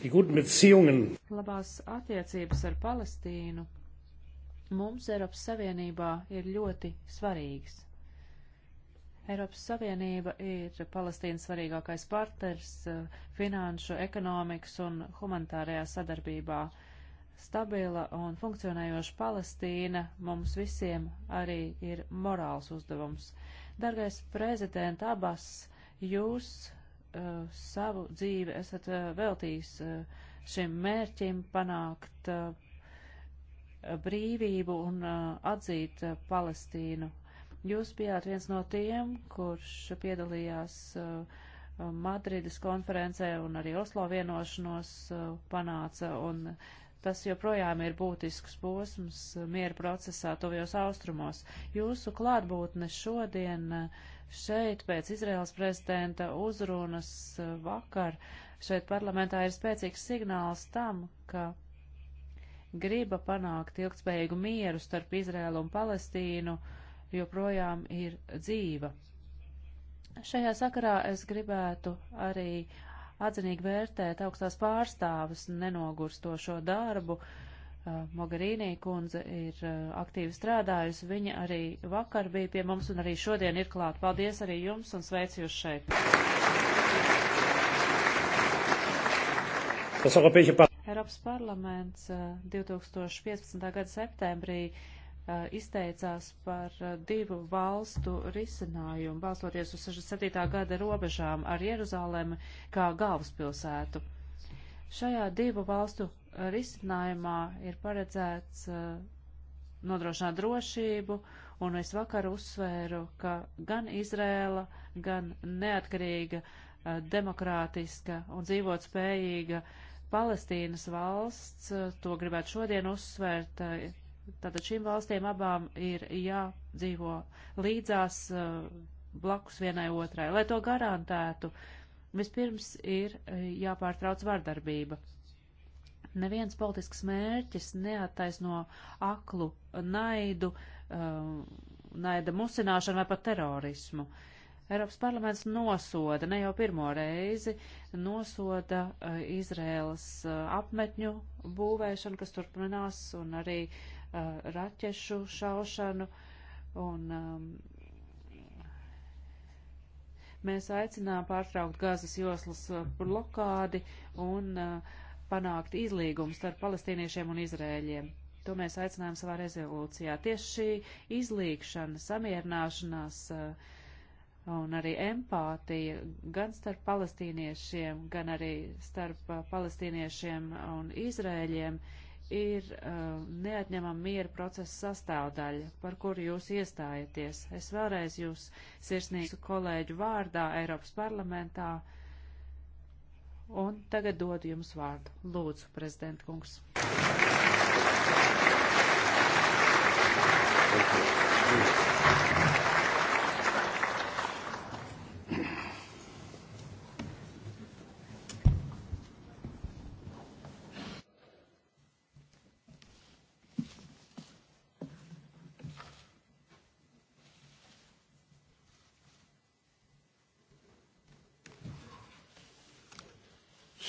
Labās attiecības ar Palestīnu mums Eiropas Savienībā ir ļoti svarīgas. Eiropas Savienība ir Palestīnas svarīgākais partners eh, finanšu, ekonomikas un humanitārajā sadarbībā. Stabila un funkcionējoša Palestīna mums visiem arī ir morāls uzdevums. Dargais prezident Abas, jūs uh, savu dzīvi esat uh, veltījis uh, šim mērķim panākt uh, brīvību un uh, atzīt uh, Palestīnu. Jūs bijāt viens no tiem, kurš piedalījās uh, Madrides konferencē un arī Oslo vienošanos uh, panāca, un tas joprojām ir būtisks posms miera procesā tuvjos austrumos. Jūsu klātbūtne šodien uh, Šeit pēc Izraels prezidenta uzrunas eh, vakar šeit parlamentā ir spēcīgs signāls tam, ka griba panākt ilgspējīgu mieru starp Izraēlu un Palestīnu joprojām ir dzīva. Šajā sakarā es gribētu arī atzinīgi vērtēt augstās pārstāvis nenogurstošo darbu, uh, Eh, Mogarīnī kundze ir eh, aktīvi strādājusi. Viņa arī vakar bija pie mums un arī šodien ir klāt. Paldies arī jums un sveicu jūs šeit. Eiropas parlaments 2015. Eh, gada septembrī izteicās par divu valstu risinājumu, balstoties uz 67. gada robežām ar Jeruzalemi kā galvaspilsētu. Šajā divu valstu eh, risinājumā ir paredzēts uh, nodrošināt drošību, un es vakar uzsvēru, ka gan Izrēla, gan neatkarīga, uh, demokrātiska un dzīvot spējīga Palestīnas valsts, uh, to gribētu šodien uzsvērt, tātad šīm valstīm abām ir jādzīvo līdzās blakus vienai otrai, lai to garantētu. Uh, Vispirms ir e, jāpārtrauc vardarbība. Neviens politisks mērķis neattaisno aklu naidu, e, naida musināšanu vai pat terorismu. Eiropas parlaments nosoda, ne jau pirmo reizi, nosoda e, Izrēlas apmetņu būvēšanu, kas turpinās, un arī raķešu šaušanu un um, Mēs aicinām pārtraukt gazas joslas eh, blokādi un eh, panākt izlīgumu starp palestīniešiem un izrēļiem. To mēs aicinājām savā rezolūcijā. Tieši šī izlīgšana, samierināšanās eh, un arī empātija gan starp palestīniešiem, gan arī starp palestīniešiem un izrēļiem ir uh, neatņemama miera procesa sastāvdaļa, par kuru jūs iestājaties. Es vēlreiz jūs sirsnīgu kolēģu vārdā Eiropas parlamentā un tagad dodu jums vārdu. Lūdzu, prezidenta kungs.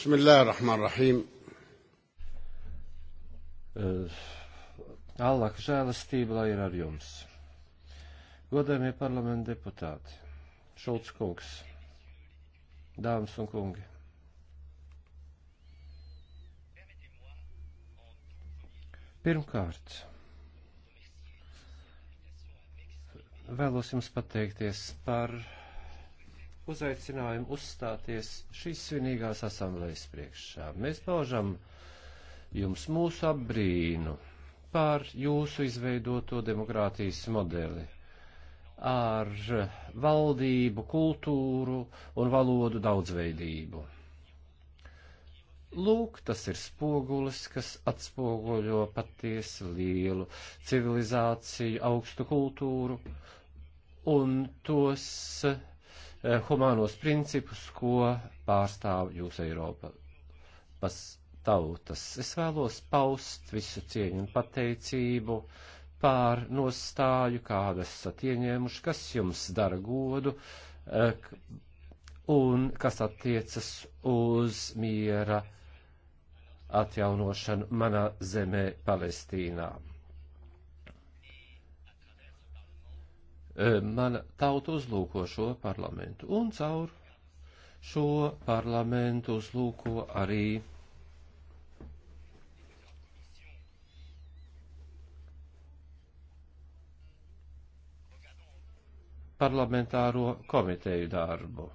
بسم الله الرحمن الرحيم Allāh žēlastība, lai ir ar jums. Godājumie parlamenta deputāti, Šulc kungs, dāmas un kungi. Pirmkārt, vēlos jums pateikties par uzaicinājumu uzstāties šīs svinīgās asamblējas priekšā. Mēs paužam jums mūsu apbrīnu par jūsu izveidoto demokrātijas modeli ar valdību, kultūru un valodu daudzveidību. Lūk, tas ir spogulis, kas atspoguļo patiesi lielu civilizāciju, augstu kultūru un tos uh, Eh, humānos principus, ko pārstāv jūs Eiropa. Pas tautas. Es vēlos paust visu cieņu un pateicību pār nostāju, kādu esat ieņēmuši, kas jums dara godu eh, un kas attiecas uz miera atjaunošanu manā zemē Palestīnā. E, mana tauta uzlūko šo parlamentu, un caur šo parlamentu uzlūko arī parlamentāro komiteju darbu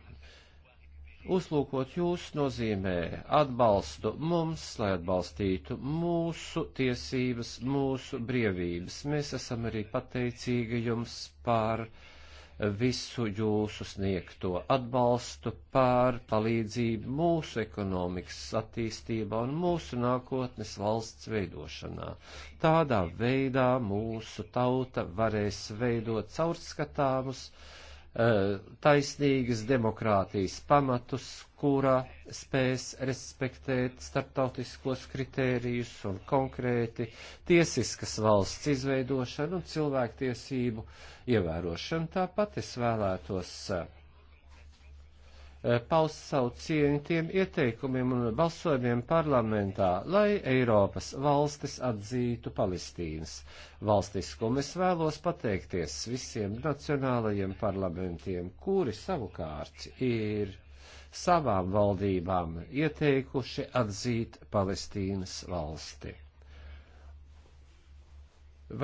uzlūkot jūs nozīmē atbalstu mums, lai atbalstītu mūsu tiesības, mūsu brīvības. Mēs esam arī pateicīgi jums par visu jūsu sniegto atbalstu pār palīdzību mūsu ekonomikas attīstībā un mūsu nākotnes valsts veidošanā. Tādā veidā mūsu tauta varēs veidot caurskatāmus, uh, Eh, taisnīgas demokrātijas pamatus, kurā spēs respektēt starptautiskos kritērijus un konkrēti tiesiskas valsts izveidošanu un cilvēktiesību ievērošanu. Tāpat es vēlētos uh, Eh, paust savu cieņu tiem ieteikumiem un balsojumiem parlamentā, lai Eiropas valstis atzītu Palestīnas valstiskumu. Es vēlos pateikties visiem nacionālajiem parlamentiem, kuri savukārt ir savām valdībām ieteikuši atzīt Palestīnas valsti.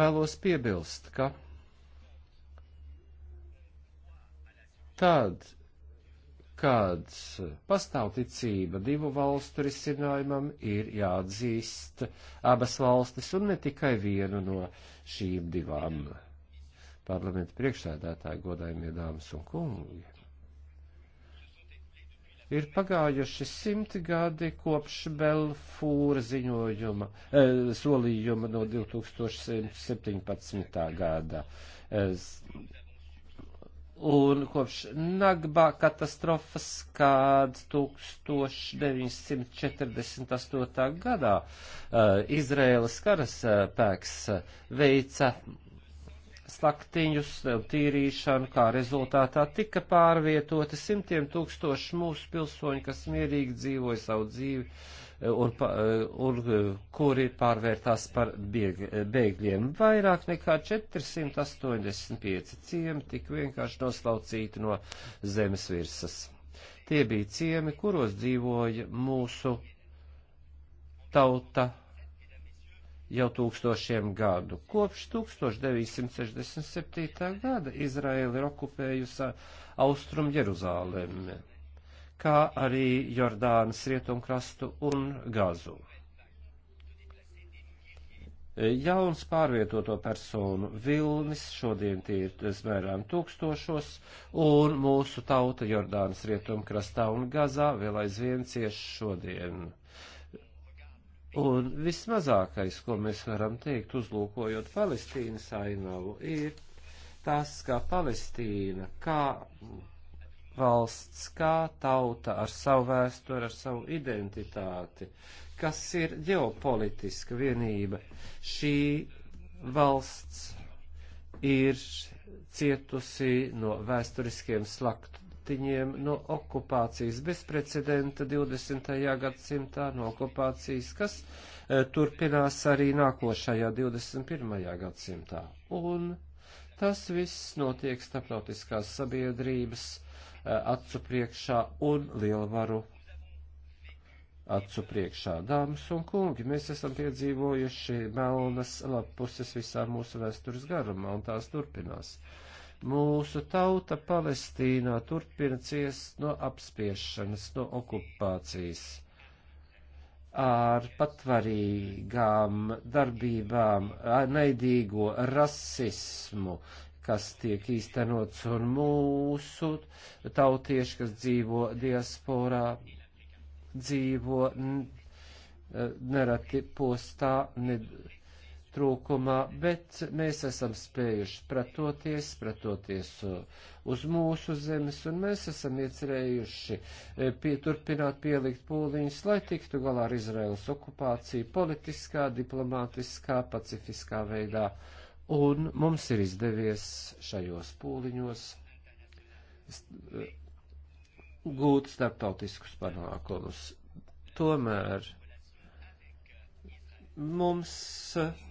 Vēlos piebilst, ka tad kad pastāv ticība divu valstu risinājumam, ir jāatzīst abas valstis un ne tikai vienu no šīm divām. Parlamenta priekšsēdētāji, godājumie dāmas un kungi, ir pagājuši simti gadi kopš Belfūra ziņojuma, e, solījuma no 2017. gada. E, un kopš Nagba katastrofas, kād 1948. gadā uh, Izraēlas karaspēks eh, uh, eh, veica slaktiņus, tīrīšanu, kā rezultātā tika pārvietoti simtiem tūkstoši mūsu pilsoņu, kas mierīgi dzīvoja savu dzīvi un, un kuri pārvērtās par bēgļiem. Vairāk nekā 485 ciemi tika vienkārši noslaucīti no zemes virsas. Tie bija ciemi, kuros dzīvoja mūsu tauta jau tūkstošiem gadu. Kopš 1967. gada Izraela ir okupējusi Austrum Jeruzālemi kā arī Jordānas rietumkrastu un Gazu. Jauns pārvietoto personu vilnis šodien tie ir smērām tūkstošos, un mūsu tauta Jordānas rietumkrastā un Gazā vēl aizvien cieš šodien. Un vismazākais, ko mēs varam teikt, uzlūkojot Palestīnas ainavu, ir tas, ka Palestīna, kā valsts kā tauta ar savu vēsturi, ar savu identitāti, kas ir ģeopolitiska vienība. Šī valsts ir cietusi no vēsturiskiem slaktiņiem, no okupācijas bezprecedenta 20. gadsimtā, no okupācijas, kas e, turpinās arī nākošajā 21. gadsimtā. Un tas viss notiek starptautiskās sabiedrības Eh, acu priekšā un lielvaru acu priekšā. Dāmas un kungi, mēs esam piedzīvojuši melnas lapuses visā mūsu vēstures garumā, un tās turpinās. Mūsu tauta Palestīnā turpina ciest no apspiešanas, no okupācijas, ar patvarīgām darbībām, naidīgo rasismu, uh, kas tiek īstenots, un mūsu tautieši, kas dzīvo diasporā, dzīvo e, nereti postā, ne trūkumā, bet mēs esam spējuši pretoties, pretoties e, uz mūsu zemes, un mēs esam iecerējuši e, pie, turpināt pielikt pūliņus, lai tiktu galā ar Izraels okupāciju politiskā, diplomātiskā, pacifiskā veidā. Uh, Un mums ir izdevies šajos pūliņos eh, gūt starptautiskus panākumus. Tomēr mums eh,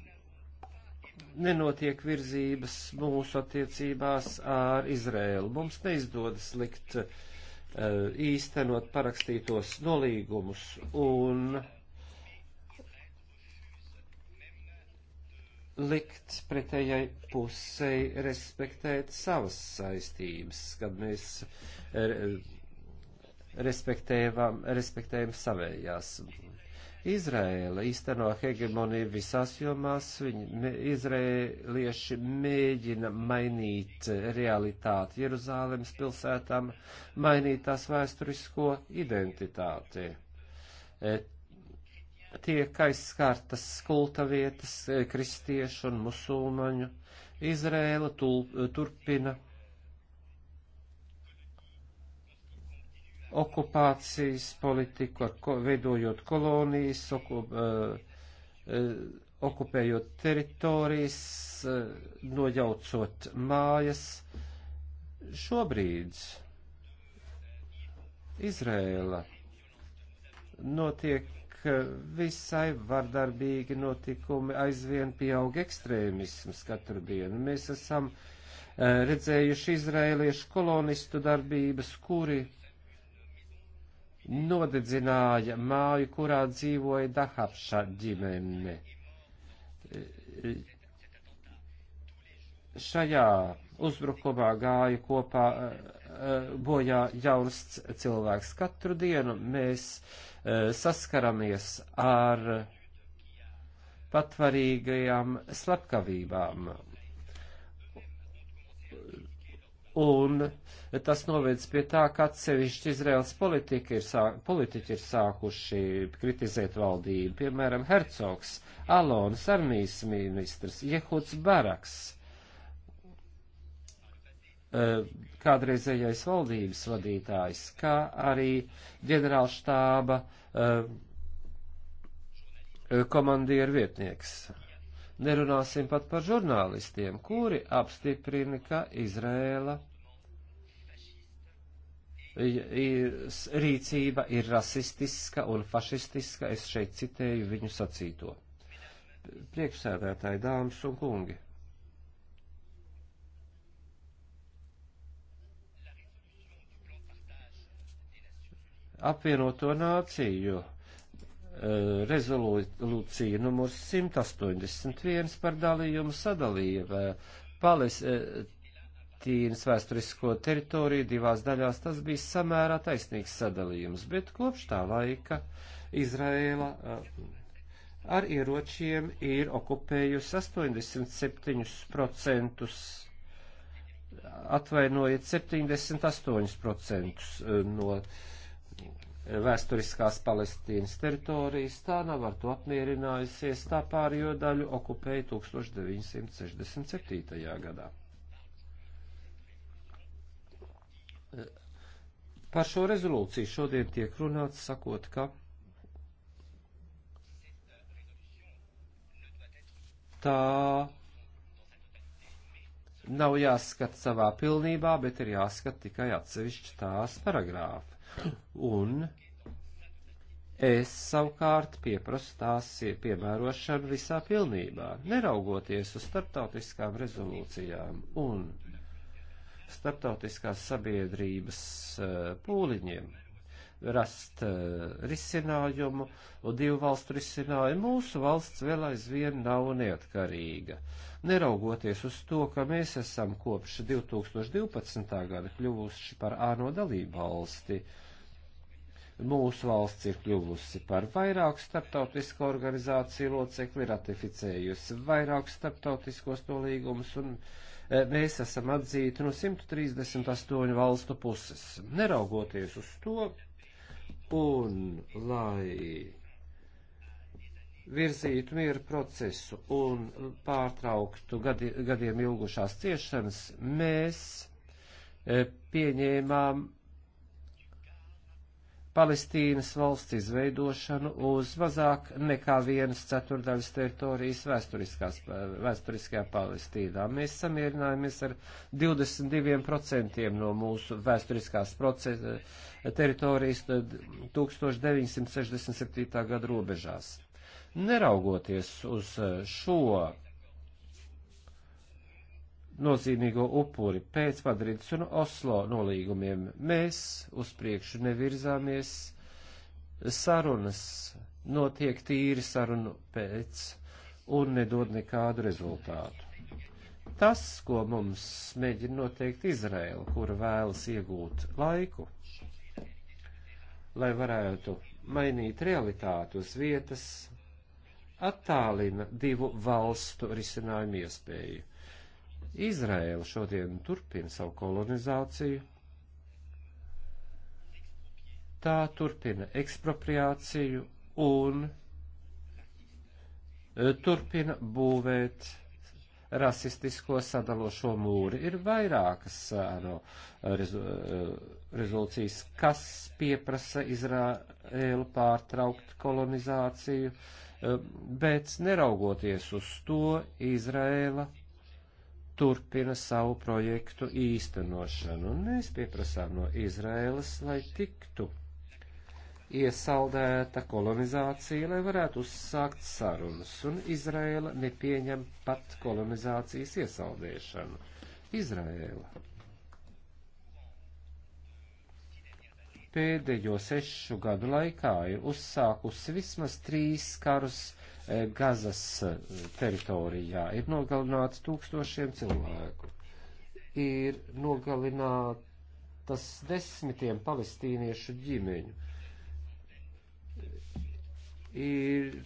nenotiek virzības mūsu attiecībās ar Izrēlu. Mums neizdodas likt eh, īstenot parakstītos nolīgumus un likt pretējai pusei respektēt savas saistības, kad mēs eh, respektējam, respektējam savējās. Izraēla īsteno hegemoniju visās jomās, viņi, me, izrēlieši mēģina mainīt realitāti Jeruzālēmas pilsētām, mainīt tās vēsturisko identitāti. Et tiek aizskartas kulta vietas, e, kristiešu un musulmaņu. Izrēla tul, e, turpina okupācijas politiku, ko, veidojot kolonijas, oku, uh, okupējot teritorijas, uh, nojaucot mājas. Šobrīd Izrēla notiek visai vardarbīgi notikumi, aizvien pieaug ekstrēmisms katru dienu. Mēs esam eh, redzējuši izrēliešu kolonistu darbības, kuri nodedzināja māju, kurā dzīvoja Dahapša ģimene. Šajā uzbrukumā gāja kopā eh, Eh, bojā jauns cilvēks. Katru dienu mēs eh, saskaramies ar patvarīgajām slepkavībām. Un tas novedz pie tā, ka atsevišķi Izraels politiķi ir, sā, politiķi ir sākuši kritizēt valdību, piemēram, Hercogs, Alons, armijas ministrs, Jehuds Baraks Eh, kādreizējais valdības vadītājs, kā arī ģenerālštāba eh, eh, komandieru vietnieks. Nerunāsim pat par žurnālistiem, kuri apstiprina, ka Izrēla rīcība ir rasistiska un fašistiska. Es šeit citēju viņu sacīto. Priekšsēdētāji, dāmas un kungi! apvienoto nāciju e, rezolūcija numurs 181 par dalījumu sadalīja e, Palestīnas vēsturisko teritoriju divās daļās. Tas bija samērā taisnīgs sadalījums, bet kopš tā laika Izraēla e, ar ieročiem ir okupējusi 87% atvainojiet 78% no uh, vēsturiskās Palestīnas teritorijas, tā nav ar to apmierinājusies, tā pārējo daļu okupēja 1967. gadā. Par šo rezolūciju šodien tiek runāts sakot, ka tā nav jāskat savā pilnībā, bet ir jāskat tikai atsevišķi tās paragrāfi un es savukārt pieprasu tās piemērošanu visā pilnībā, neraugoties uz starptautiskām rezolūcijām un starptautiskās sabiedrības eh, pūliņiem rast eh, risinājumu un divu valstu risinājumu. Mūsu valsts vēl aizvien nav neatkarīga. Neraugoties uz to, ka mēs esam kopš 2012. gada kļuvuši par āno dalību valsti, mūsu valsts ir kļuvusi par vairāku starptautisku organizāciju locekli, ratificējusi vairākus starptautiskos to līgumus un eh, mēs esam atzīti no 138 valstu puses. Neraugoties uz to, un lai virzītu mieru procesu un pārtrauktu gadi, gadiem ilgušās ciešanas, mēs eh, pieņēmām Palestīnas valsts izveidošanu uz mazāk nekā vienas ceturdaļas teritorijas vēsturiskajā Palestīnā. Mēs samierinājāmies ar 22% no mūsu vēsturiskās teritorijas 1967. gada robežās. Neraugoties uz šo nozīmīgo upuri pēc Madrides un Oslo nolīgumiem. Mēs uz priekšu nevirzāmies, sarunas notiek tīri sarunu pēc un nedod nekādu rezultātu. Tas, ko mums mēģina noteikt Izraela, kura vēlas iegūt laiku, lai varētu mainīt realitāti uz vietas, attālina divu valstu risinājumu iespēju. Izraēla šodien turpina savu kolonizāciju, tā turpina ekspropriāciju un e, turpina būvēt rasistisko sadalošo mūri. Ir vairākas e, no, e, rezu, rezolūcijas, kas pieprasa Izraēlu pārtraukt kolonizāciju, bet neraugoties uz to, Izraēla turpina savu projektu īstenošanu. Un mēs pieprasām no Izraēlas, lai tiktu iesaldēta kolonizācija, lai varētu uzsākt sarunas, un Izraēla nepieņem pat kolonizācijas iesaldēšanu. Izraēla pēdējo sešu gadu laikā ir uzsākusi vismaz trīs karus Gazas teritorijā. Ir nogalināts tūkstošiem cilvēku. Ir nogalinātas desmitiem palestīniešu ģimeņu. Ir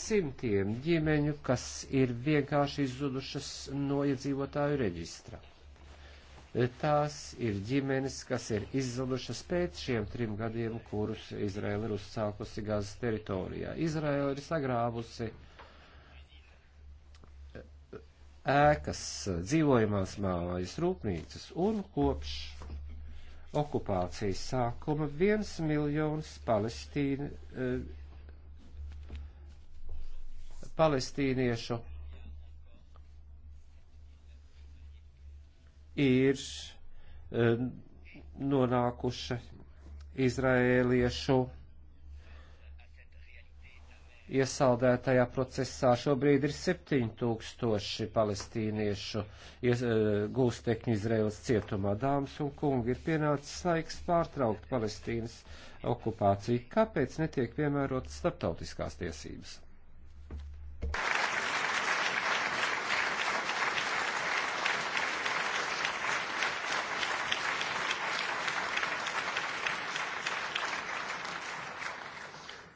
simtiem ģimeņu, kas ir vienkārši izzudušas no iedzīvotāju reģistrā Tās ir ģimenes, kas ir izzudušas pēc šiem trim gadiem, kurus Izraela ir uzsākusi Gāzes teritorijā. Izraela ir sagrāvusi ēkas, dzīvojamās mājas, rūpnīcas un kopš okupācijas sākuma viens miljons palestīni, eh, palestīniešu ir e, nonākuši izrēliešu iesaldētajā procesā. Šobrīd ir 7000 palestīniešu ies, e, gūstekņu Izraels cietumā. Dāmas un kungi, ir pienācis laiks pārtraukt Palestīnas okupāciju. Kāpēc netiek piemērotas starptautiskās tiesības?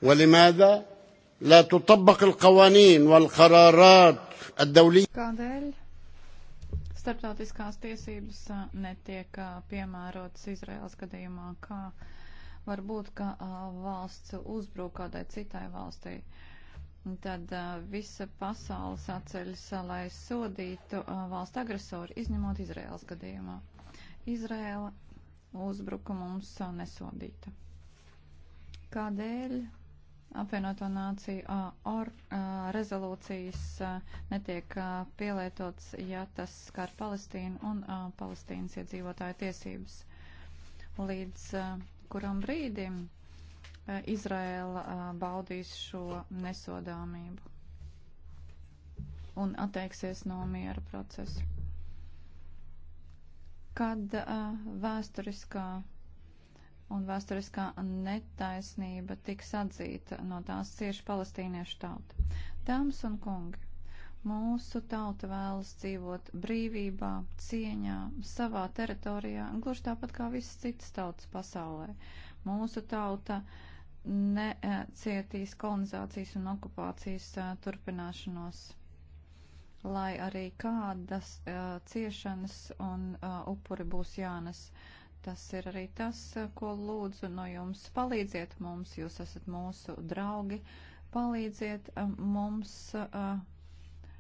ولماذا لا تطبق القوانين والقرارات الدولية Kādēļ starptautiskās tiesības netiek piemērotas Izraels gadījumā, kā varbūt, ka valsts uzbruk kādai citai valstī? Tad visa pasaules atceļas, lai sodītu valsts agresoru, izņemot Izraels gadījumā. Izraela uzbruka mums nesodīta. Kādēļ apvienoto nāciju or, rezolūcijas netiek pielietots, ja tas skar Palestīnu un Palestīnas iedzīvotāju tiesības. Līdz kuram brīdim Izraela baudīs šo nesodāmību un atteiksies no miera procesa. Kad vēsturiskā un vēsturiskā netaisnība tiks atzīta no tās cieši palestīniešu tauta. Dāmas un kungi, mūsu tauta vēlas dzīvot brīvībā, cieņā, savā teritorijā, gluži tāpat kā visas citas tautas pasaulē. Mūsu tauta necietīs kolonizācijas un okupācijas turpināšanos, lai arī kādas ciešanas un upuri būs jānes. Uh, Tas ir arī tas, ko lūdzu no jums. Palīdziet mums, jūs esat mūsu draugi. Palīdziet um, mums, uh,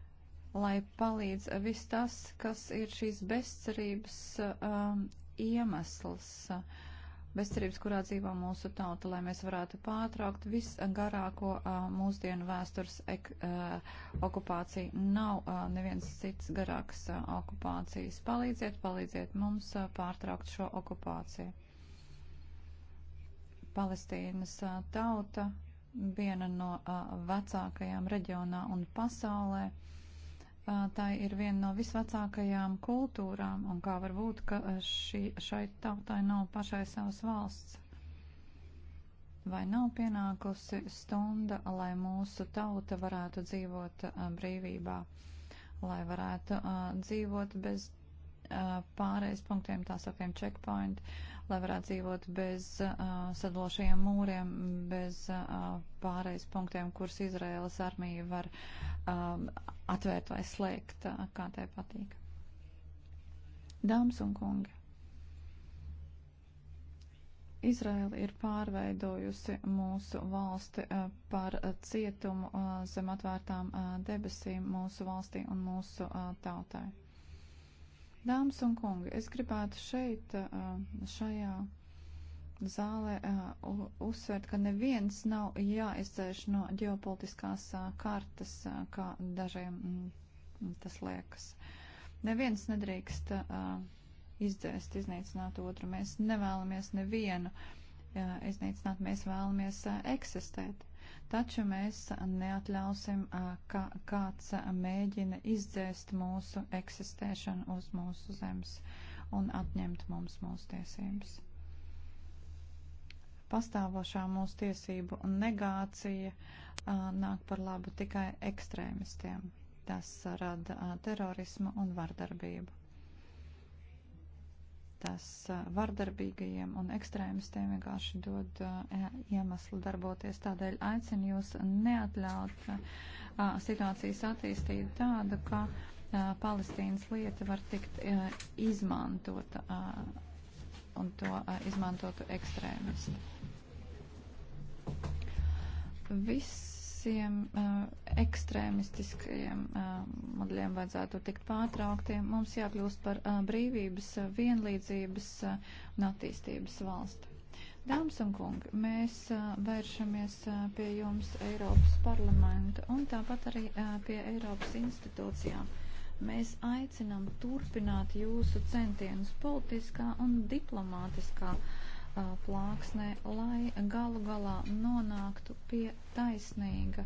lai palīdz viss tas, kas ir šīs bezcerības uh, iemesls. Uh, bezcerības, kurā dzīvo mūsu tauta, lai mēs varētu pārtraukt visgarāko mūsdienu vēstures ek, okupāciju. Nav neviens cits garāks okupācijas. Palīdziet, palīdziet mums pārtraukt šo okupāciju. Palestīnas tauta, viena no vecākajām reģionā un pasaulē tā ir viena no visvecākajām kultūrām, un kā var būt, ka šī, šai tautai nav pašai savas valsts? Vai nav pienākusi stunda, lai mūsu tauta varētu dzīvot brīvībā, lai varētu uh, dzīvot bez uh, pārējais punktiem, tā sakām, checkpoint, uh, lai varētu dzīvot bez uh, sadalošajiem mūriem, bez uh, pārejas punktiem, kurus Izraēlas armija var uh, atvērt vai slēgt, uh, kā tai patīk. Dāmas un kungi. Izraela ir pārveidojusi mūsu valsti par cietumu zem atvērtām debesīm mūsu valstī un mūsu tautai. Dāmas un kungi, es gribētu šeit, šajā zālē, uzsvērt, ka neviens nav jāizdzēš no ģeopolitiskās kartas, kā dažiem mm, tas liekas. Neviens nedrīkst izdzēst, iznīcināt otru. Mēs nevēlamies nevienu iznīcināt, mēs vēlamies eksistēt. Taču mēs neatļausim, ka kāds mēģina izdzēst mūsu eksistēšanu uz mūsu zemes un atņemt mums mūsu tiesības. Pastāvošā mūsu tiesību negācija nāk par labu tikai ekstrēmistiem. Tas rada terorismu un vardarbību tas vardarbīgajiem un ekstrēmistiem vienkārši dod e, iemeslu darboties. Tādēļ aicinu jūs neatļaut situācijas attīstīt tādu, ka Palestīnas lieta var tikt izmantota un to izmantotu ekstrēmistu. Viss visiem uh, ekstrēmistiskajiem uh, modeļiem vajadzētu tikt pārtrauktiem. Mums jākļūst par uh, brīvības, uh, vienlīdzības uh, un attīstības valsti. Dāmas un kungi, mēs uh, vēršamies uh, pie jums Eiropas parlamenta un tāpat arī uh, pie Eiropas institūcijām mēs aicinām turpināt jūsu centienus politiskā un diplomātiskā plāksnē, lai galu galā nonāktu pie taisnīga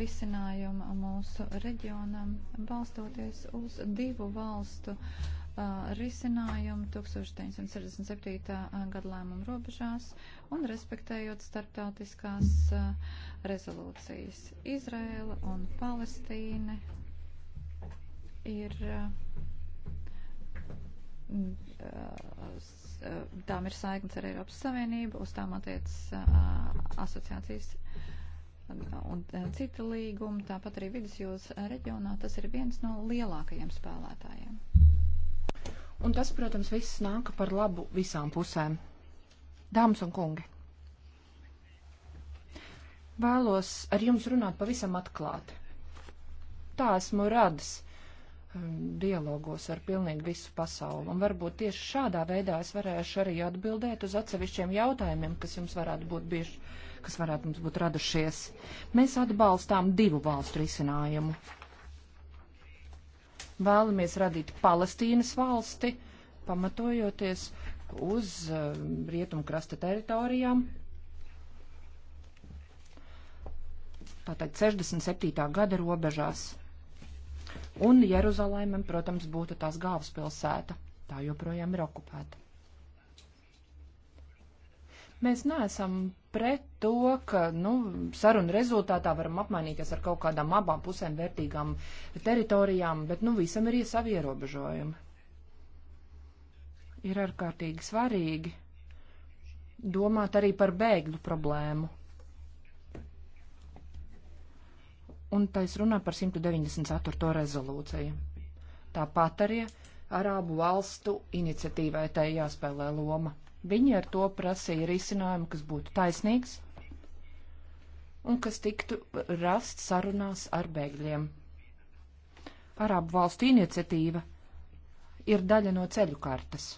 risinājuma mūsu reģionam, balstoties uz divu valstu risinājumu 1967. gada lēmumu robežās un respektējot starptautiskās rezolūcijas. Izraela un Palestīne ir uh, Mm, uh, uh, tām ir saiknes ar Eiropas Savienību, uz tām attiecas uh, asociācijas un cita līguma, tāpat arī vidusjūras reģionā tas ir viens no lielākajiem spēlētājiem. Un tas, protams, viss nāk par labu visām pusēm. Dāmas un kungi, vēlos ar jums runāt pavisam atklāti. Tā esmu radis Um, dialogos ar pilnīgi visu pasauli. Un varbūt tieši šādā veidā es varēšu arī atbildēt uz atsevišķiem jautājumiem, kas jums varētu būt bieži, kas varētu mums būt radušies. Mēs atbalstām divu valstu risinājumu. Vēlamies radīt Palestīnas valsti, pamatojoties uz uh, um, rietumkrasta teritorijām, tātad 67. gada robežās un Jeruzalēmam, protams, būtu tās galvaspilsēta. Tā joprojām ir okupēta. Mēs neesam pret to, ka nu, sarunu rezultātā varam apmainīties ar kaut kādām abām pusēm vērtīgām teritorijām, bet nu, visam ir savi ierobežojumi. Ir ārkārtīgi svarīgi domāt arī par bēgļu problēmu un tais runā par 194. rezolūciju. Tāpat arī Arābu valstu iniciatīvai tai jāspēlē loma. Viņi ar to prasīja risinājumu, kas būtu taisnīgs un kas tiktu rasts sarunās ar bēgļiem. Arābu valstu iniciatīva ir daļa no ceļu kartas.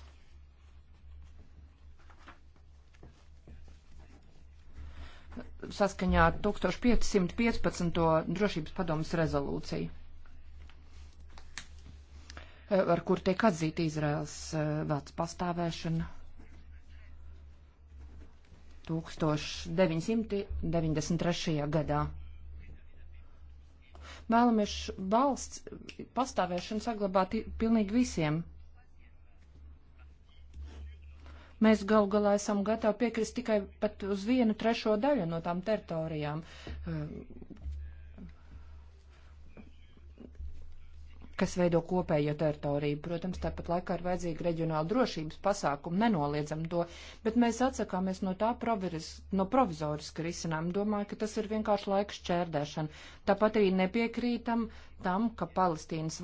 saskaņā ar 1515. drošības padomas rezolūciju, eh, ar kur tiek atzīta Izraels eh, vārds pastāvēšana 1993. gadā. Vēlamies valsts pastāvēšanu saglabāt pilnīgi visiem Mēs gal galā esam gatavi piekrist tikai pat uz vienu trešo daļu no tām teritorijām, kas veido kopējo teritoriju. Protams, tāpat laikā ir vajadzīga reģionāla drošības pasākuma, nenoliedzam to, bet mēs atsakāmies no tā proviris, no provizoriska risinājuma. Domāju, ka tas ir vienkārši laiks čērdēšana. Tāpat arī nepiekrītam tam, ka Palestīnas,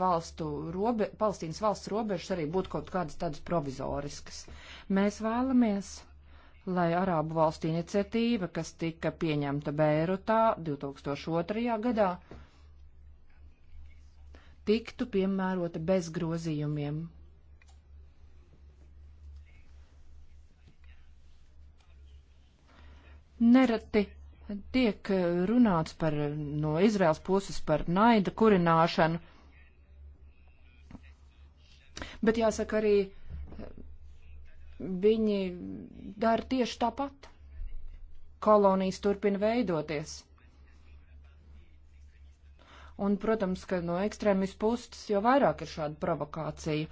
robe, Palestīnas valsts robežas arī būtu kaut kādas tādas provizoriskas. Mēs vēlamies lai Arābu valstu iniciatīva, kas tika pieņemta Bērutā 2002. gadā, tiktu piemērota bez grozījumiem. Nereti tiek runāts par, no Izraels puses par naida kurināšanu, bet jāsaka arī, viņi dara tieši tāpat. Kolonijas turpina veidoties. Un, protams, ka no ekstrēmis puses jau vairāk ir šāda provokācija.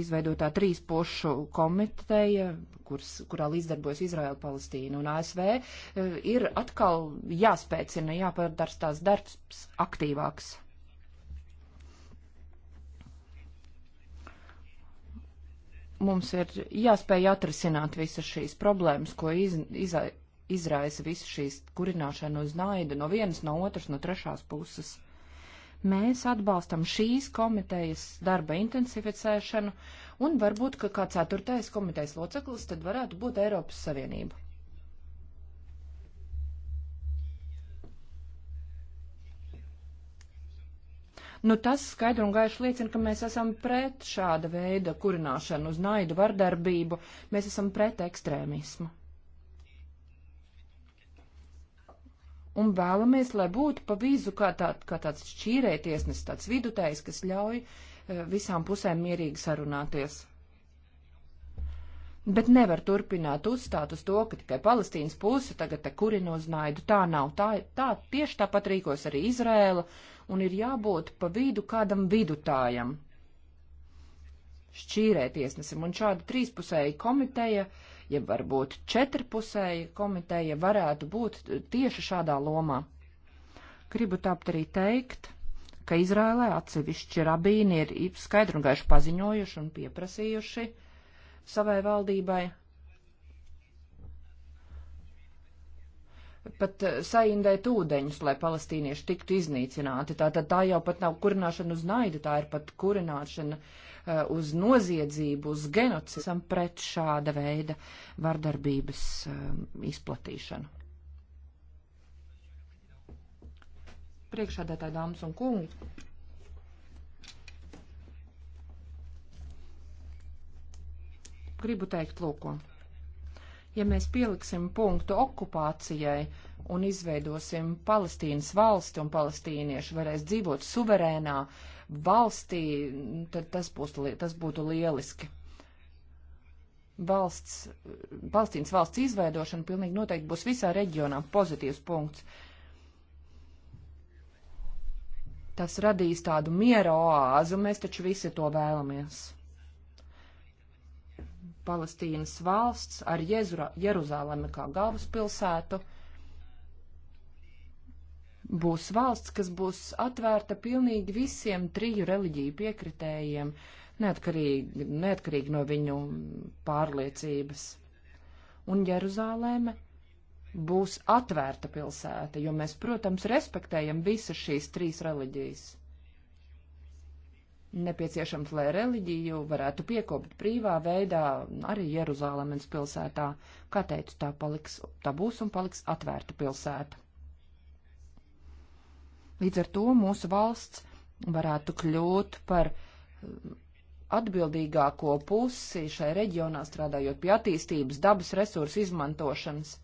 Izveidotā trīspošu komiteja, kurs, kurā līdzdarbojas Izraela, Palestīna un ASV, e, ir atkal jāspēcina, jāpadars tās darbs aktīvāks. Mums ir jāspēj atrisināt visas šīs problēmas, ko iz, iza, izraisa visu šīs kurināšanu uz naidu no vienas, no otras, no trešās puses. Mēs atbalstam šīs komitejas darba intensificēšanu, un varbūt, ka kā ceturtais komitejas loceklis tad varētu būt Eiropas Savienība. Nu, tas skaidri un gaiši liecina, ka mēs esam pret šāda veida kurināšanu uz naidu vardarbību, mēs esam pret ekstrēmismu. un vēlamies, lai būtu pa vīzu kā, tā, kā tāds šķīrētiesnes, tāds vidutējs, kas ļauj eh, visām pusēm mierīgi sarunāties. Bet nevar turpināt uzstāt uz to, ka tikai Palestīnas puse tagad te kurino znaidu. Tā nav. Tā, tā tieši tāpat rīkos arī Izrēla, un ir jābūt pa vidu kādam vidutājam. Šķīrētiesnesim, un šāda trīspusēja komiteja uh, ja varbūt četrpusēja komiteja varētu būt tieši šādā lomā. Gribu tāpat arī teikt, ka Izrēlē atsevišķi rabīni ir skaidri un gaiši paziņojuši un pieprasījuši savai valdībai pat eh, saindēt ūdeņus, lai palestīnieši tiktu iznīcināti. Tā, tā, tā jau pat nav kurināšana uz naidu, tā ir pat kurināšana uh, Eh, uz noziedzību, uz genocīdu. Esam pret šāda veida vardarbības eh, izplatīšanu. Priekšādātāji dāmas un kungi. Gribu teikt, lūko ja mēs pieliksim punktu okupācijai un izveidosim Palestīnas valsti un palestīnieši varēs dzīvot suverēnā, uh, valstī, tad tas, būs, tas būtu lieliski. Valsts, Palestīnas valsts izveidošana pilnīgi noteikti būs visā reģionā pozitīvs punkts. Tas radīs tādu miera oāzu, mēs taču visi to vēlamies. Palestīnas valsts ar Jezura, Jeruzālemi kā galvaspilsētu būs valsts, kas būs atvērta pilnīgi visiem triju reliģiju piekritējiem, neatkarīgi, neatkarīgi no viņu pārliecības. Un Jeruzālēme būs atvērta pilsēta, jo mēs, protams, respektējam visas šīs trīs reliģijas. Nepieciešams, lai reliģiju varētu piekopt brīvā veidā arī Jeruzālēmens pilsētā. Kā teicu, tā, paliks, tā būs un paliks atvērta pilsēta. Līdz ar to mūsu valsts varētu kļūt par eh, atbildīgāko pusi šai reģionā strādājot pie attīstības, dabas resursu izmantošanas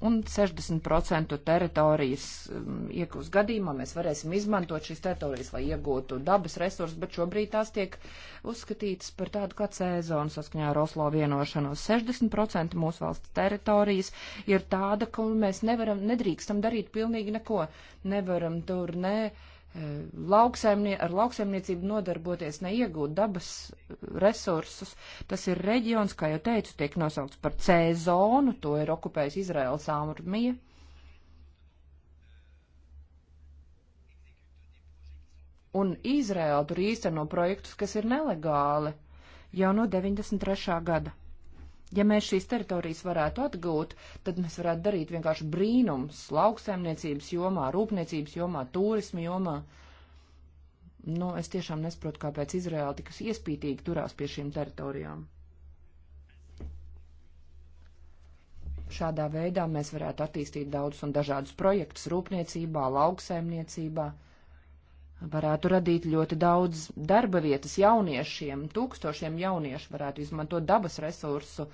un 60% teritorijas um, iekļūst gadījumā mēs varēsim izmantot šīs teritorijas, lai iegūtu dabas resursus, bet šobrīd tās tiek uzskatītas par tādu kā sezonu saskaņā ar Oslo vienošanos. 60% mūsu valsts teritorijas ir tāda, ka mēs nevaram, nedrīkstam darīt pilnīgi neko. Nevaram tur ne. Uh, lauksaimnie, ar lauksaimniecību nodarboties, neiegūt dabas resursus. Tas ir reģions, kā jau teicu, tiek nosaukts par C zonu, to ir okupējis Izraels ārmija. Un Izraela tur īsteno projektus, kas ir nelegāli jau no 93. gada. Ja mēs šīs teritorijas varētu atgūt, tad mēs varētu darīt vienkārši brīnums lauksaimniecības jomā, rūpniecības jomā, turismu jomā. Nu, es tiešām nesaprotu, kāpēc Izraēla tik iespītīgi turās pie šīm teritorijām. Šādā veidā mēs varētu attīstīt daudzus un dažādus projektus rūpniecībā, lauksaimniecībā varētu radīt ļoti daudz darba vietas jauniešiem, tūkstošiem jauniešu varētu izmantot dabas resursu,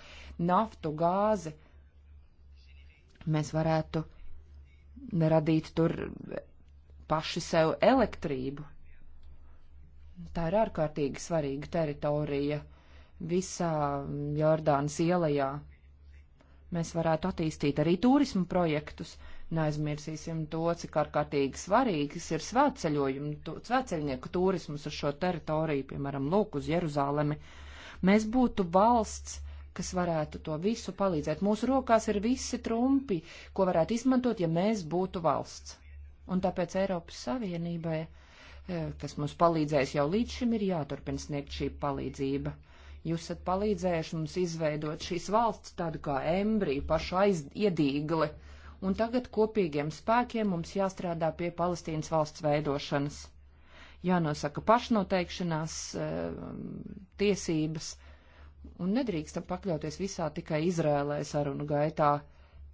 naftu, gāzi. Mēs varētu radīt tur paši sev elektrību. Tā ir ārkārtīgi svarīga teritorija visā Jordānas ielajā. Mēs varētu attīstīt arī turismu projektus, uh, Neaizmirsīsim to, cik ārkārtīgi svarīgs ir svētceļnieku turismus uz šo teritoriju, piemēram, lūk, uz Jeruzālemi. Mēs būtu valsts, kas varētu to visu palīdzēt. Mūsu rokās ir visi trumpi, ko varētu izmantot, ja mēs būtu valsts. Un tāpēc Eiropas Savienībai, eh, kas mums palīdzēs jau līdz šim, ir jāturpina sniegt šī palīdzība. Jūs esat palīdzējuši mums izveidot šīs valsts tādu kā embriju, pašu aiz iedīgli. Uh, un tagad kopīgiem spēkiem mums jāstrādā pie Palestīnas valsts veidošanas. Jānosaka pašnoteikšanās e, tiesības, un nedrīkstam pakļauties visā tikai Izrēlē sarunu gaitā.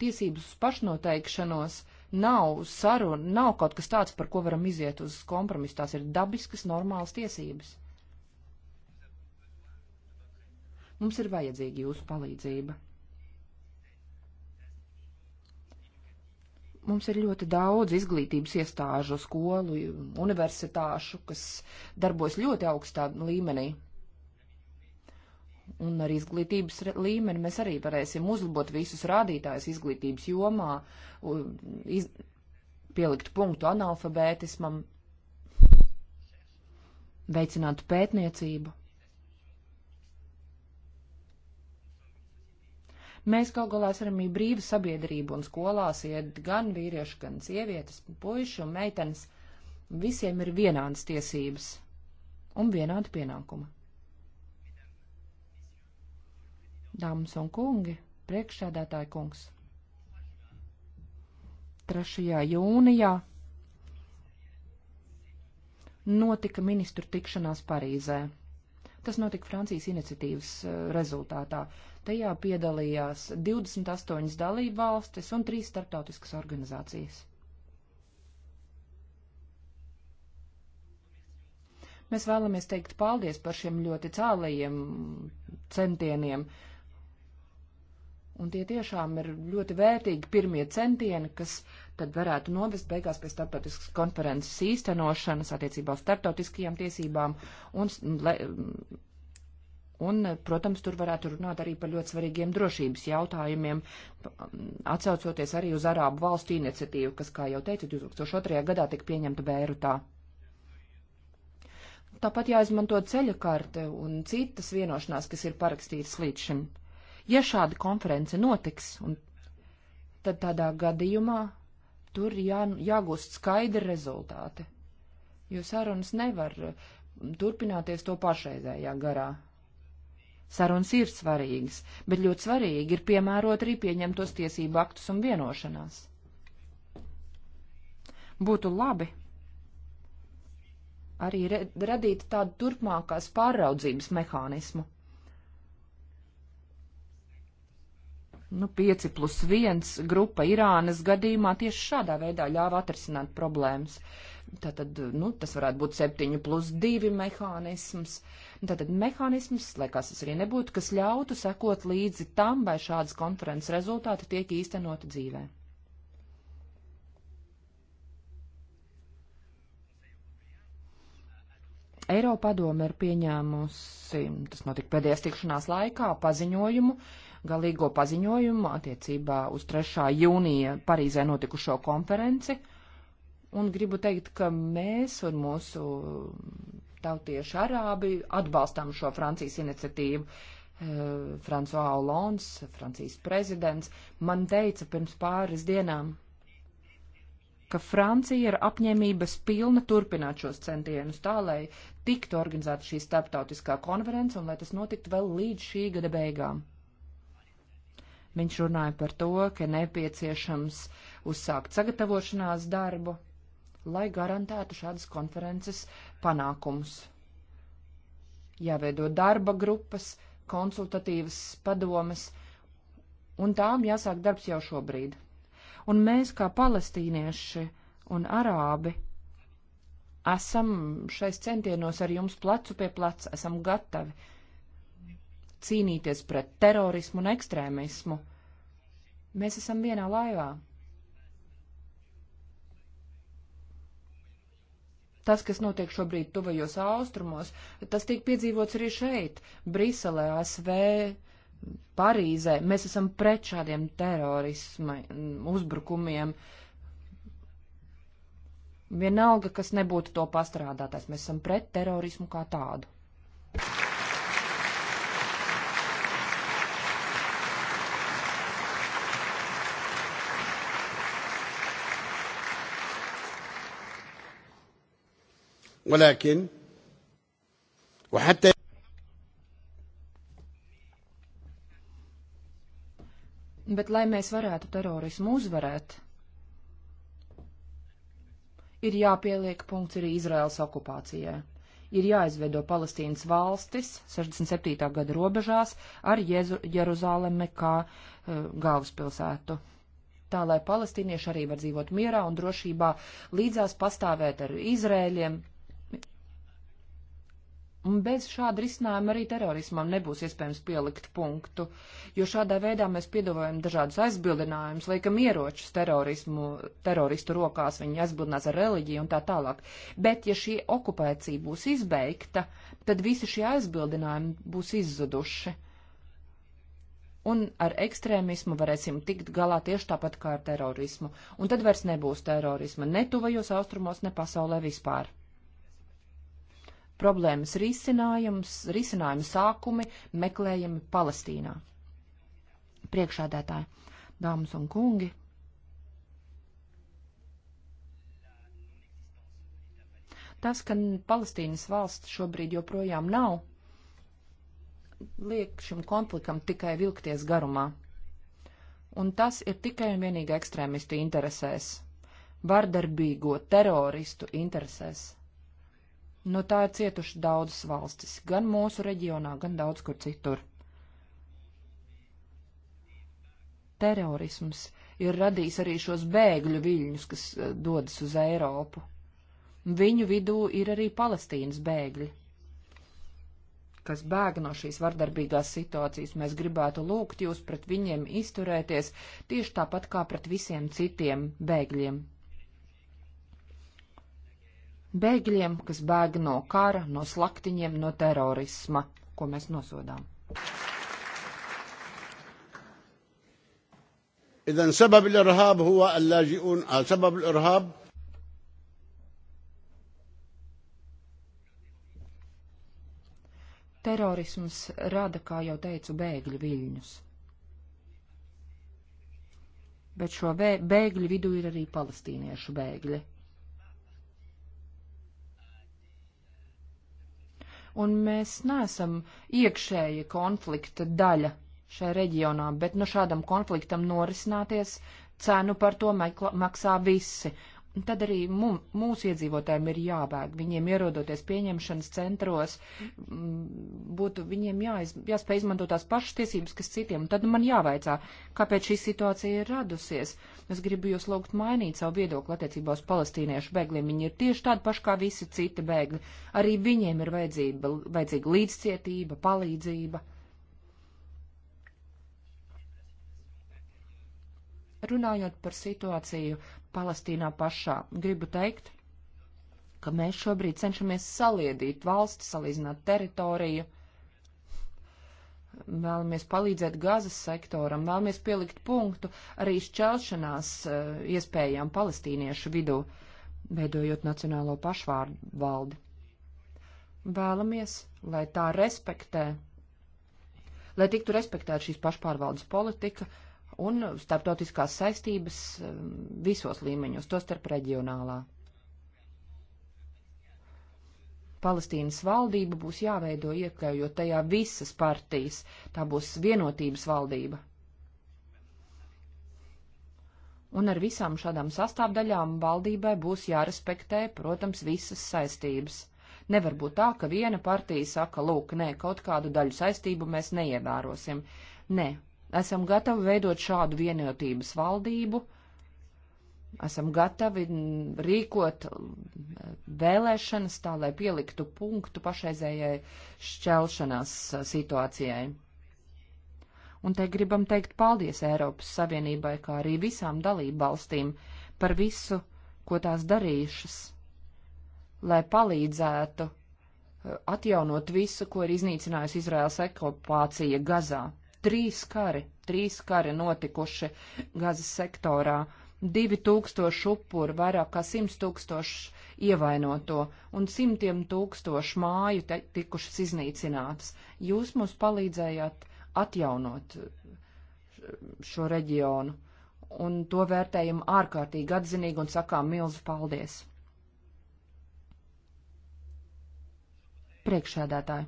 Tiesības uz pašnoteikšanos nav saruna, nav kaut kas tāds, par ko varam iziet uz kompromisu. Tās ir dabiskas, normālas tiesības. Mums ir vajadzīga jūsu palīdzība. Mums ir ļoti daudz izglītības iestāžu, skolu, universitāšu, kas darbojas ļoti augstā līmenī. Un ar izglītības līmeni mēs arī varēsim uzlabot visus rādītājus izglītības jomā, iz, pielikt punktu analfabētismam, veicināt pētniecību. Mēs kaut galā esam arī brīva sabiedrība un skolās iet gan vīrieši, gan sievietes, puiši un meitenes. Visiem ir vienādas tiesības un vienādi pienākumi. Dāmas un kungi, priekšsēdētāji kungs. 3. jūnijā notika ministru tikšanās Parīzē. Tas notika Francijas iniciatīvas eh, rezultātā. Tajā piedalījās 28 dalība valstis un 3 starptautiskas organizācijas. Mēs vēlamies teikt paldies par šiem ļoti cēlējiem centieniem, Un tie tiešām ir ļoti vērtīgi pirmie centieni, kas tad varētu novest beigās pie starptautiskas konferences īstenošanas attiecībā uz starptautiskajām tiesībām un le, Un, protams, tur varētu runāt arī par ļoti svarīgiem drošības jautājumiem, atsaucoties arī uz Arābu valstu iniciatīvu, kas, kā jau teicu, 2002. gadā tika pieņemta Bērutā. Tāpat jāizmanto ceļa karte un citas vienošanās, kas ir parakstītas līdz šim. Ja šāda konference notiks, un tad tādā gadījumā tur jā, jāgūst skaidri rezultāti, jo sarunas nevar uh, turpināties to pašreizējā garā. Sarunas ir svarīgas, bet ļoti svarīgi ir piemērot arī pieņemtos tiesību aktus un vienošanās. Būtu labi arī re radīt tādu turpmākās pāraudzības mehānismu. Nu, 5 plus 1 grupa Irānas gadījumā tieši šādā veidā ļāva atrisināt problēmas. Tātad, nu, tas varētu būt 7 plus 2 mehānisms, Tātad mehānisms, lai kas tas arī nebūtu, kas ļautu sekot līdzi tam, vai šādas konferences rezultāti tiek īstenoti dzīvē. Eiropadome ir pieņēmusi, tas notika pēdējās tikšanās laikā, paziņojumu, galīgo paziņojumu attiecībā uz 3. jūnija Parīzē notikušo konferenci. Un gribu teikt, ka mēs un mūsu tautieši arābi atbalstam šo Francijas iniciatīvu. Eh, François Hollands, Francijas prezidents, man teica pirms pāris dienām, ka Francija ir apņēmības pilna turpināt šos centienus tā, lai tiktu organizēta šī starptautiskā konference un lai tas notiktu vēl līdz šī gada beigām. Viņš runāja par to, ka nepieciešams uzsākt sagatavošanās darbu lai garantētu šādas konferences panākumus. Jāveido darba grupas, konsultatīvas padomas, un tām jāsāk darbs jau šobrīd. Un mēs, kā palestīnieši un arābi, esam šais centienos ar jums plecu pie pleca, esam gatavi cīnīties pret terorismu un ekstrēmismu. Mēs esam vienā laivā. Tas, kas notiek šobrīd tuvajos austrumos, tas tiek piedzīvots arī šeit, Briselē, ASV, Parīzē. Mēs esam pret šādiem terorisma mm, uzbrukumiem. Vienalga, kas nebūtu to pastrādātais, mēs esam pret terorismu kā tādu. ولكن وحتى Bet, lai mēs varētu terorismu uzvarēt, ir jāpieliek punkts arī Izraels okupācijai. Ir jāizveido Palestīnas valstis 67. gada robežās ar Jezu, Jeruzalemi kā uh, galvaspilsētu tā lai palestīnieši arī var dzīvot mierā un drošībā, līdzās pastāvēt ar Izrēļiem, Un bez šāda risinājuma arī terorismam nebūs iespējams pielikt punktu, jo šādā veidā mēs piedāvājam dažādus aizbildinājumus, liekam ieročus terorismu, teroristu rokās, viņi aizbildinās ar reliģiju un tā tālāk. Bet, ja šī okupācija būs izbeigta, tad visi šie aizbildinājumi būs izzuduši. Un ar ekstrēmismu varēsim tikt galā tieši tāpat kā ar terorismu. Un tad vairs nebūs terorisma ne tuvajos austrumos, ne pasaulē vispār. Problēmas risinājums, risinājuma sākumi meklējami Palestīnā. Priekšādētāji, dāmas un kungi. Tas, ka Palestīnas valsts šobrīd joprojām nav, liek šim konfliktam tikai vilkties garumā. Un tas ir tikai un vienīgi ekstrēmistu interesēs, vardarbīgo teroristu interesēs. No nu, tā ir cietuši daudzas valstis, gan mūsu reģionā, gan daudz kur citur. Terorisms ir radījis arī šos bēgļu viļņus, kas eh, dodas uz Eiropu. Viņu vidū ir arī Palestīnas bēgļi, kas bēg no šīs vardarbīgās situācijas. Mēs gribētu lūgt jūs pret viņiem izturēties tieši tāpat kā pret visiem citiem bēgļiem bēgļiem, kas bēg no kara, no slaktiņiem, no terorisma, ko mēs nosodām. إذا سبب الإرهاب هو اللاجئون سبب الإرهاب Terorisms rada, kā jau teicu, bēgļu viļņus. Bet šo bēgļu vidū ir arī palestīniešu bēgļi. un mēs neesam iekšēja konflikta daļa šajā reģionā, bet nu šādam konfliktam norisināties cenu par to maksā visi, tad arī mum, mūsu iedzīvotājiem ir jābēg. Viņiem ierodoties pieņemšanas centros, būtu viņiem jāiz, jāspēj izmantot tās pašas tiesības, kas citiem. Un tad man jāvaicā, kāpēc šī situācija ir radusies. Es gribu jūs lūgt mainīt savu viedokli attiecībā uz palestīniešu bēgļiem. Viņi ir tieši tādi paši kā visi citi bēgļi. Arī viņiem ir vajadzība, vajadzīga līdzcietība, palīdzība. runājot par situāciju Palestīnā pašā. Gribu teikt, ka mēs šobrīd cenšamies saliedīt valsti, salīdzināt teritoriju, vēlamies palīdzēt gazas sektoram, vēlamies pielikt punktu arī šķelšanās eh, iespējām palestīniešu vidū, veidojot nacionālo pašvārdu. Vēlamies, lai tā respektē, lai tiktu respektēta šīs pašpārvaldes politika, uh, un starptautiskās saistības um, visos līmeņos, tostarp reģionālā. Palestīnas valdība būs jāveido iekļaujot tajā visas partijas, tā būs vienotības valdība. Un ar visām šādām sastāvdaļām valdībai būs jārespektē, protams, visas saistības. Nevar būt tā, ka viena partija saka, lūk, nē, kaut kādu daļu saistību mēs neievērosim. Nē, ne Esam gatavi veidot šādu vienotības valdību, esam gatavi rīkot eh, vēlēšanas tā, lai pieliktu punktu pašreizējai šķelšanās eh, situācijai. Un te gribam teikt paldies Eiropas Savienībai, kā arī visām dalību valstīm par visu, ko tās darījušas, lai palīdzētu eh, atjaunot visu, ko ir iznīcinājusi Izraels ekopācija Gazā trīs kari, trīs kari notikuši gazas sektorā. 2000 upuru, vairāk kā 100 tūkstoši ievainoto un simtiem tūkstošu māju te, tikušas iznīcinātas. Jūs mums palīdzējāt atjaunot šo reģionu, un to vērtējam ārkārtīgi atzinīgi un sakām milzu paldies. Priekšēdētāji.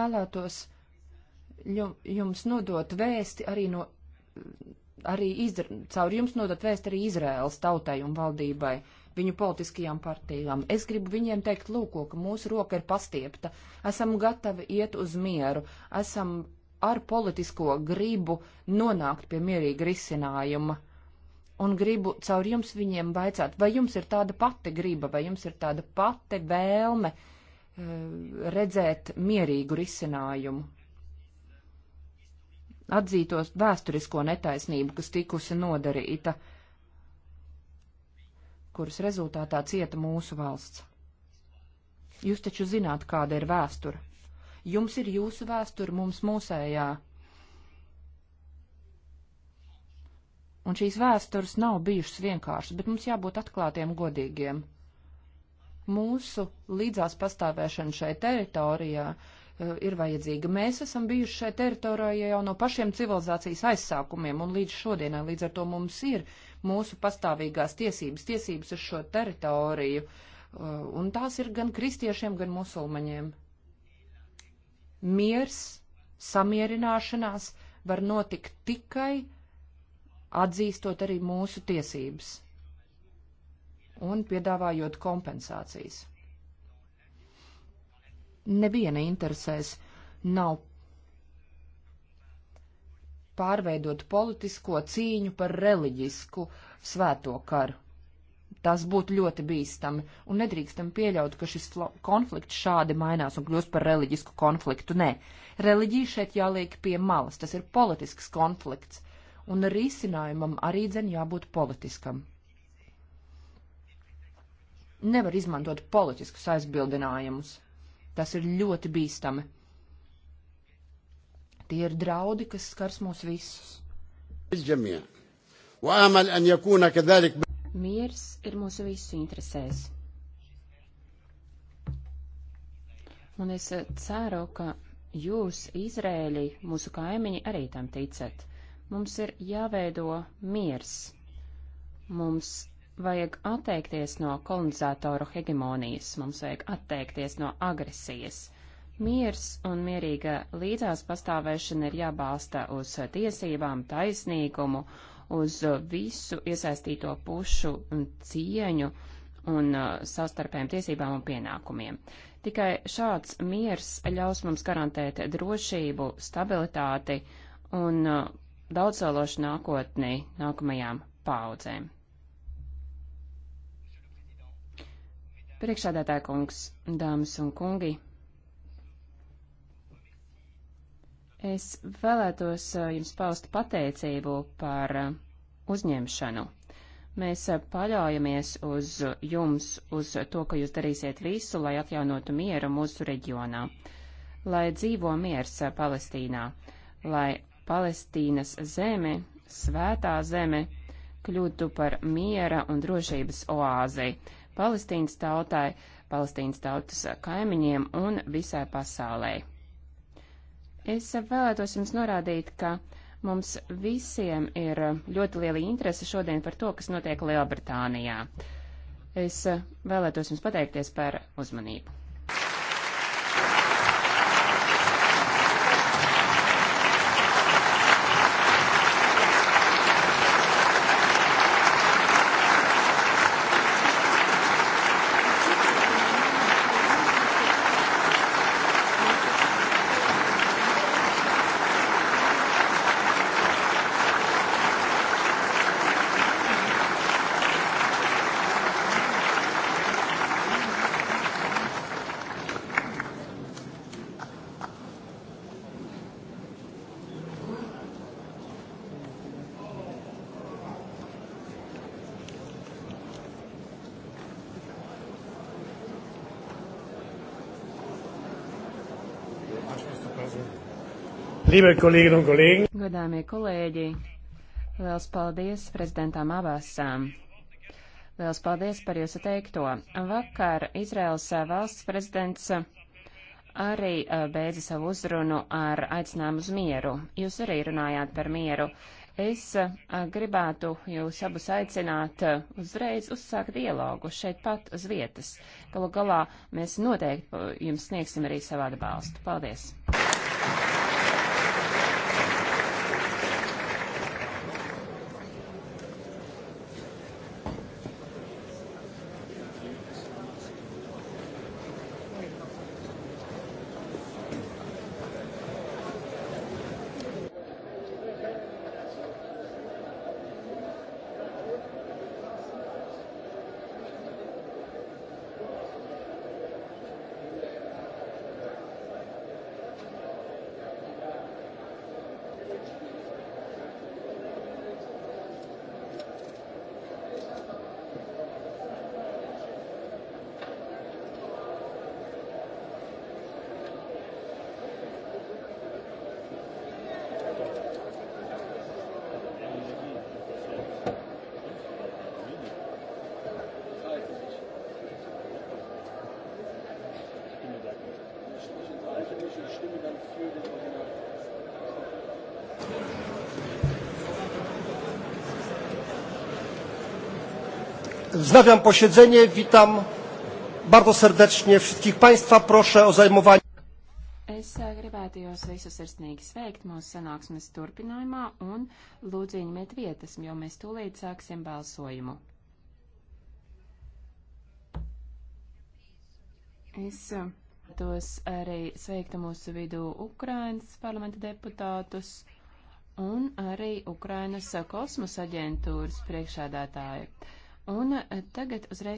Vēlētos jums nodot vēsti arī no, arī izdar, caur jums nodot vēsti arī Izraēlas tautai un valdībai, viņu politiskajām partijām. Es gribu viņiem teikt, lūko, ka mūsu roka ir pastiepta, esam gatavi iet uz mieru, esam ar politisko gribu nonākt pie mierīga risinājuma. Un gribu caur jums viņiem vaicāt, vai jums ir tāda pati griba, vai jums ir tāda pati vēlme uh, redzēt mierīgu risinājumu atzītos vēsturisko netaisnību, kas tikusi nodarīta, kuras rezultātā cieta mūsu valsts. Jūs taču zināt, kāda ir vēstura. Jums ir jūsu vēstura, mums mūsējā. Un šīs vēstures nav bijušas vienkāršas, bet mums jābūt atklātiem godīgiem. Mūsu līdzās pastāvēšana šai teritorijā uh, Eh, ir vajadzīga. Mēs esam bijuši šai teritorijai jau no pašiem civilizācijas aizsākumiem un līdz šodienai, līdz ar to mums ir mūsu pastāvīgās tiesības, tiesības uz šo teritoriju, eh, un tās ir gan kristiešiem, gan musulmaņiem. Miers, samierināšanās var notikt tikai atzīstot arī mūsu tiesības un piedāvājot kompensācijas neviena interesēs nav pārveidot politisko cīņu par reliģisku svēto karu. Tas būtu ļoti bīstami, un nedrīkstam pieļaut, ka šis konflikts šādi mainās un kļūst par reliģisku konfliktu. Nē, reliģija šeit jāliek pie malas, tas ir politisks konflikts, un risinājumam arī dzen jābūt politiskam. Nevar izmantot politiskus aizbildinājumus. Tas ir ļoti bīstami. Tie ir draudi, kas skars mūs visus. Miers ir mūsu visu interesēs. Un es eh, ceru, ka jūs, Izrēļi, mūsu kaimiņi, arī tam ticat. Mums ir jāveido miers. Mums vajag atteikties no kolonizatoru hegemonijas, mums vajag atteikties no agresijas. Miers un mierīga līdzās pastāvēšana ir jābalsta uz tiesībām, taisnīgumu, uz visu iesaistīto pušu cieņu un uh, savstarpējām tiesībām un pienākumiem. Tikai šāds miers ļaus mums garantēt drošību, stabilitāti un uh, daudzsološu nākotni nākamajām paudzēm. Priekšsēdētāja kungs, dāmas un kungi, es vēlētos uh, jums paust pateicību par uh, uzņemšanu. Mēs uh, paļaujamies uz jums, uz to, ka jūs darīsiet visu, lai atjaunotu mieru mūsu reģionā, lai dzīvo miers Palestīnā, lai Palestīnas zeme, svētā zeme, kļūtu par miera un drošības oāzei, Palestīnas tautai, Palestīnas tautas kaimiņiem un visai pasaulē. Es vēlētos jums norādīt, ka mums visiem ir ļoti liela interese šodien par to, kas notiek Lielbritānijā. Es vēlētos jums pateikties par uzmanību. Liebe Kolleginnen un Kollegen! Godāmie kolēģi, liels paldies prezidentam Abasam! Liels paldies par jūsu teikto. Vakar Izraels eh, valsts prezidents eh, arī eh, beidza savu uzrunu ar aicinājumu uz mieru. Jūs arī runājāt par mieru. Es gribētu jūs abus aicināt uzreiz uzsākt dialogu šeit pat uz vietas. Galu galā mēs noteikti jums sniegsim arī savu atbalstu. Paldies! Wznawiam posiedzenie. Witam bardzo serdecznie wszystkich Państwa. Proszę o zajmowanie. Es e, gribētu jūs visus sirsnīgi sveikt mūsu sanāksmes turpinājumā un lūdzu ieņemiet vietas, jo mēs tūlīt sāksim balsojumu. Es e, tos arī sveiktu mūsu vidū Ukrainas parlamenta deputātus un arī Ukrainas kosmosa aģentūras priekšādātāju. Un eh, tagad uzreiz.